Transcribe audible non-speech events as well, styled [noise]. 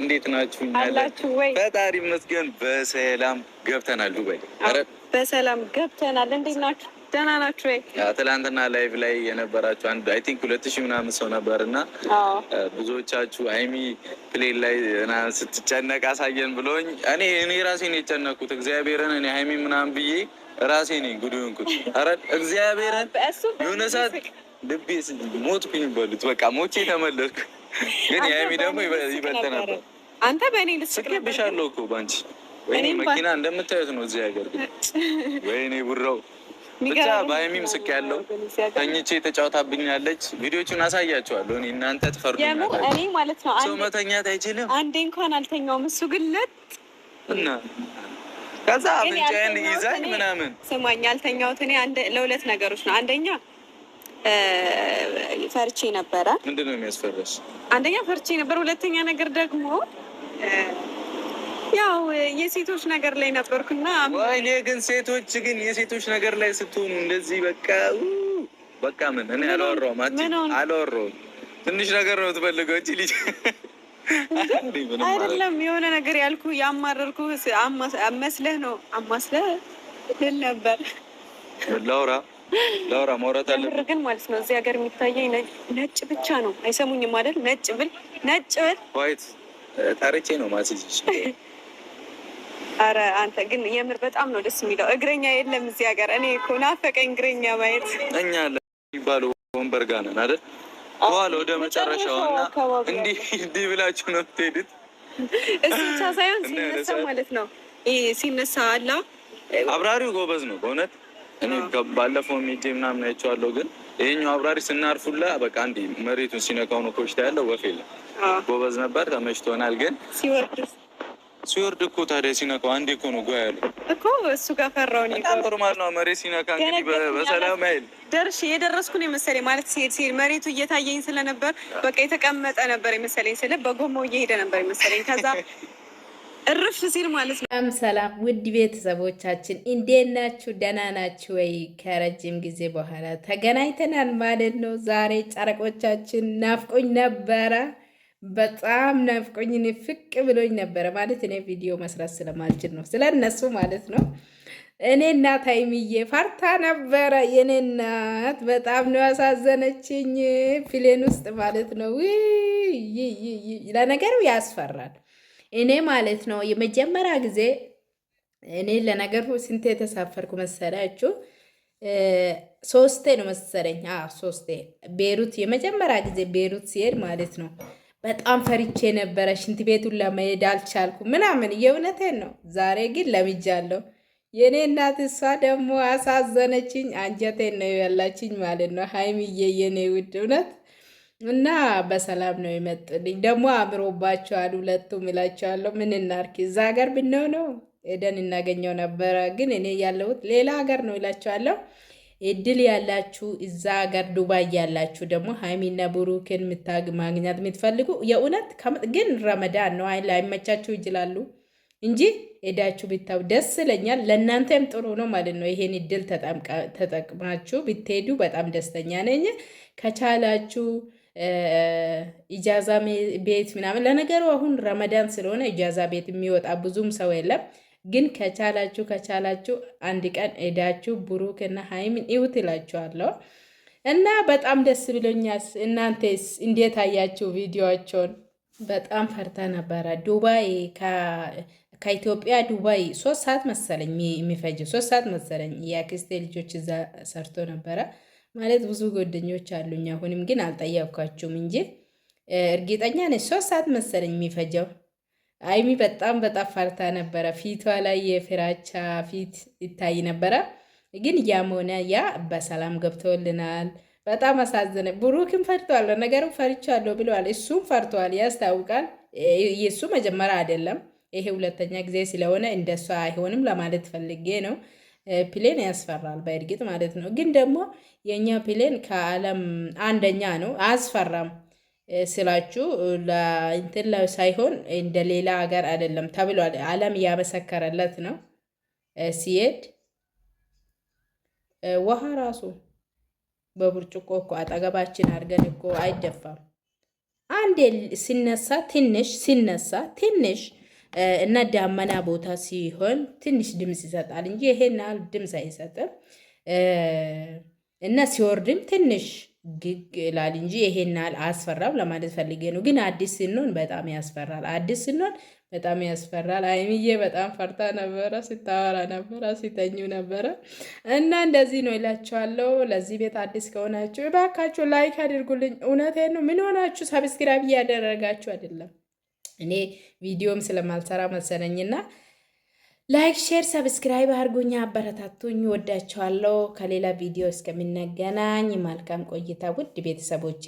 እንዴት ናችሁ? አላችሁ ወይ? ፈጣሪ ይመስገን በሰላም ገብተናል። ዱባይ በሰላም ገብተናል። እንዴት ናችሁ? ደህና ናችሁ ወይ? ትላንትና ላይቭ ላይ የነበራችሁ አንድ አይ ቲንክ ሁለት ሺህ ምናምን ሰው ነበር እና ብዙዎቻችሁ አይሚ ፕሌን ላይ ስትጨነቅ አሳየን ብሎኝ እኔ እኔ ራሴን የጨነኩት እግዚአብሔርን እኔ አይሚ ምናምን ብዬ ራሴ ነኝ ጉድ ሆንኩት። ኧረ እግዚአብሔርን የሆነ ሰዓት ልቤ ሞትኩኝ በሉት በቃ ሞቼ ተመለስኩ። ግን የሀይሚ ደግሞ ይበልጥ ነበር። አንተ በእኔ ልስቅብሻለሁ እኮ በአንቺ ወይኔ መኪና እንደምታዩት ነው እዚህ ሀገር [laughs] ወይኔ ቡራው ብቻ በሀይሚም ስቅ ያለው ተኝቼ ተጫውታብኛለች። ቪዲዮቹን አሳያቸዋለሁ። እኔ እናንተ ትፈርዱኛለህ። እኔ ማለት ነው ሰው መተኛት አይችልም። አንዴ እንኳን አልተኛውም። እሱ ግን እና ከዛ አፍንጫዬን ይዛኝ ምናምን ስማኝ፣ ያልተኛሁት እኔ ለሁለት ነገሮች ነው አንደኛ ፈርቼ ነበረ። ምንድን ነው የሚያስፈራሽ? አንደኛ ፈርቼ ነበር፣ ሁለተኛ ነገር ደግሞ ያው የሴቶች ነገር ላይ ነበርኩና እኔ ግን ሴቶች ግን የሴቶች ነገር ላይ ስትሆኑ እንደዚህ በቃ በቃ ምን እኔ አላወራሁም አላወራሁም። ትንሽ ነገር ነው ትፈልገው እቺ ልጅ አይደለም የሆነ ነገር ያልኩ ያማረርኩ መስለህ ነው አማስለህ ል ነበር ላውራ ላውራ ማውራት አለ ግን ማለት ነው። እዚህ ሀገር የሚታየኝ ነጭ ብቻ ነው። አይሰሙኝም አይደል? ነጭ ብል ነጭ ብል ዋይት ጠርቼ ነው ማስጅ። አረ አንተ ግን የምር በጣም ነው ደስ የሚለው። እግረኛ የለም እዚህ ሀገር። እኔ እኮ ናፈቀኝ እግረኛ ማየት። እኛ አለ የሚባለው ወንበር ጋር ነን አይደል? በኋላ ወደ መጨረሻው እና እንዲህ እንዲህ ብላችሁ ነው የምትሄዱት። እሱ ብቻ ሳይሆን ሲነሳ ማለት ነው ሲነሳ አላ አብራሪው ጎበዝ ነው በእውነት እኔ ባለፈው ሚቴ ምናምን አይቼዋለሁ። ግን ይሄኛው አብራሪ ስናርፉላ በቃ አንዴ መሬቱን ሲነካው ነው ኮሽታ ያለው ወፍ የለም። ጎበዝ ነበር፣ ተመችቶናል። ግን ሲወርድ እኮ ታዲያ ሲነካው አንዴ እኮ ነው ጓ ያለው እኮ እሱ ጋር ፈራው ነው። ኖርማል ነው መሬት ሲነካ እንግዲህ በሰላም አይል ደርሽ የደረስኩ ነው የመሰለኝ ማለት ሲሄድ ሲሄድ መሬቱ እየታየኝ ስለነበር በቃ የተቀመጠ ነበር የመሰለኝ ስለ በጎማው እየሄደ ነበር የመሰለኝ ከዛ እርፍ ሲል ማለት ነው። ሰላም ሰላም፣ ውድ ቤተሰቦቻችን እንዴት ናችሁ? ደህና ናችሁ ወይ? ከረጅም ጊዜ በኋላ ተገናኝተናል ማለት ነው። ዛሬ ጨረቆቻችን ናፍቆኝ ነበረ፣ በጣም ናፍቆኝ፣ ፍቅ ብሎኝ ነበረ ማለት እኔ ቪዲዮ መስራት ስለማልችል ነው፣ ስለነሱ ማለት ነው። እኔ እናት ሀይሚዬ ፈርታ ነበረ። የኔ እናት በጣም ነው ያሳዘነችኝ፣ ፊሌን ውስጥ ማለት ነው። ለነገሩ ያስፈራል እኔ ማለት ነው የመጀመሪያ ጊዜ እኔ ለነገሩ ስንት የተሳፈርኩ መሰሪያችሁ? ሶስቴ ነው መሰለኝ። ሶስቴ ቤሩት፣ የመጀመሪያ ጊዜ ቤሩት ሲሄድ ማለት ነው በጣም ፈርቼ ነበረ። ሽንት ቤቱን ለመሄድ አልቻልኩ ምናምን፣ የእውነቴን ነው። ዛሬ ግን ለምጃለሁ። የእኔ እናት እሷ ደግሞ አሳዘነችኝ፣ አንጀቴን ነው ያላችኝ ማለት ነው። ሀይሚዬ የኔ ውድ እውነት እና በሰላም ነው ይመጥልኝ። ደግሞ አምሮባቸዋል ሁለቱም እላቸዋለሁ። ምን እናርኪ እዛ ሀገር ብንሆን ነው ሄደን እናገኘው ነበረ፣ ግን እኔ ያለሁት ሌላ ሀገር ነው እላቸዋለሁ። እድል ያላችሁ እዛ ሀገር ዱባይ ያላችሁ ደግሞ ሀይሚና ብሩክን ማግኘት የምትፈልጉ የእውነት ግን ረመዳን ነው ላይመቻችሁ ይችላሉ እንጂ ሄዳችሁ ቢታው ደስ ይለኛል። ለእናንተም ጥሩ ነው ማለት ነው። ይሄን እድል ተጠቅማችሁ ብትሄዱ በጣም ደስተኛ ነኝ። ከቻላችሁ ኢጃዛ ቤት ምናምን። ለነገሩ አሁን ረመዳን ስለሆነ ኢጃዛ ቤት የሚወጣ ብዙም ሰው የለም። ግን ከቻላችሁ ከቻላችሁ አንድ ቀን ሄዳችሁ ብሩክና ሀይሚን እዩት እላችኋለሁ። እና በጣም ደስ ብሎኛል። እናንተስ እንዴት አያችሁ ቪዲዮቸውን? በጣም ፈርታ ነበረ። ዱባይ ከኢትዮጵያ ዱባይ ሶስት ሰዓት መሰለኝ የሚፈጅ ሶስት ሰዓት መሰለኝ። የአክስቴ ልጆች እዛ ሰርቶ ነበረ ማለት ብዙ ጓደኞች አሉኝ። አሁንም ግን አልጠየኳቸውም እንጂ እርግጠኛ ነኝ ሶስት ሰዓት መሰለኝ የሚፈጀው። አይሚ በጣም በጣም ፈርታ ነበረ። ፊቷ ላይ የፍራቻ ፊት ይታይ ነበረ። ግን ያም ሆነ ያ በሰላም ገብተውልናል። በጣም አሳዘነ። ብሩክም ፈርቷል። ነገሩ ፈርቻለሁ ብለዋል። እሱም ፈርቷል፣ ያስታውቃል። የእሱ መጀመሪያ አይደለም፣ ይሄ ሁለተኛ ጊዜ ስለሆነ እንደሷ አይሆንም ለማለት ፈልጌ ነው። ፕሌን ያስፈራል በእርግጥ ማለት ነው። ግን ደግሞ የእኛ ፕሌን ከዓለም አንደኛ ነው፣ አያስፈራም ስላችሁ ለእንትን ሳይሆን እንደ ሌላ ሀገር አይደለም ተብሏል። ዓለም እያመሰከረለት ነው ሲሄድ ውሃ ራሱ በብርጭቆ እኮ አጠገባችን አድርገን እኮ አይደፋም። አንዴ ሲነሳ ትንሽ ሲነሳ ትንሽ እና ዳመና ቦታ ሲሆን ትንሽ ድምፅ ይሰጣል እንጂ ይሄን ያህል ድምፅ አይሰጥም። እና ሲወርድም ትንሽ ግግ ይላል እንጂ ይሄን ያህል አስፈራም ለማለት ፈልጌ ነው። ግን አዲስ ስንሆን በጣም ያስፈራል። አዲስ ስንሆን በጣም ያስፈራል። አይምዬ በጣም ፈርታ ነበረ፣ ስታወራ ነበረ፣ ሲተኙ ነበረ እና እንደዚህ ነው ይላችኋለሁ። ለዚህ ቤት አዲስ ከሆናችሁ እባካችሁ ላይክ አድርጉልኝ። እውነቴን ነው። ምን ሆናችሁ ሰብስክራይብ እያደረጋችሁ አይደለም እኔ ቪዲዮም ስለማልሰራ መሰለኝና ላይክ፣ ሼር፣ ሰብስክራይብ አድርጉኝ፣ አበረታቱኝ። ወዳችኋለሁ። ከሌላ ቪዲዮ እስከምንገናኝ መልካም ቆይታ ውድ ቤተሰቦቼ።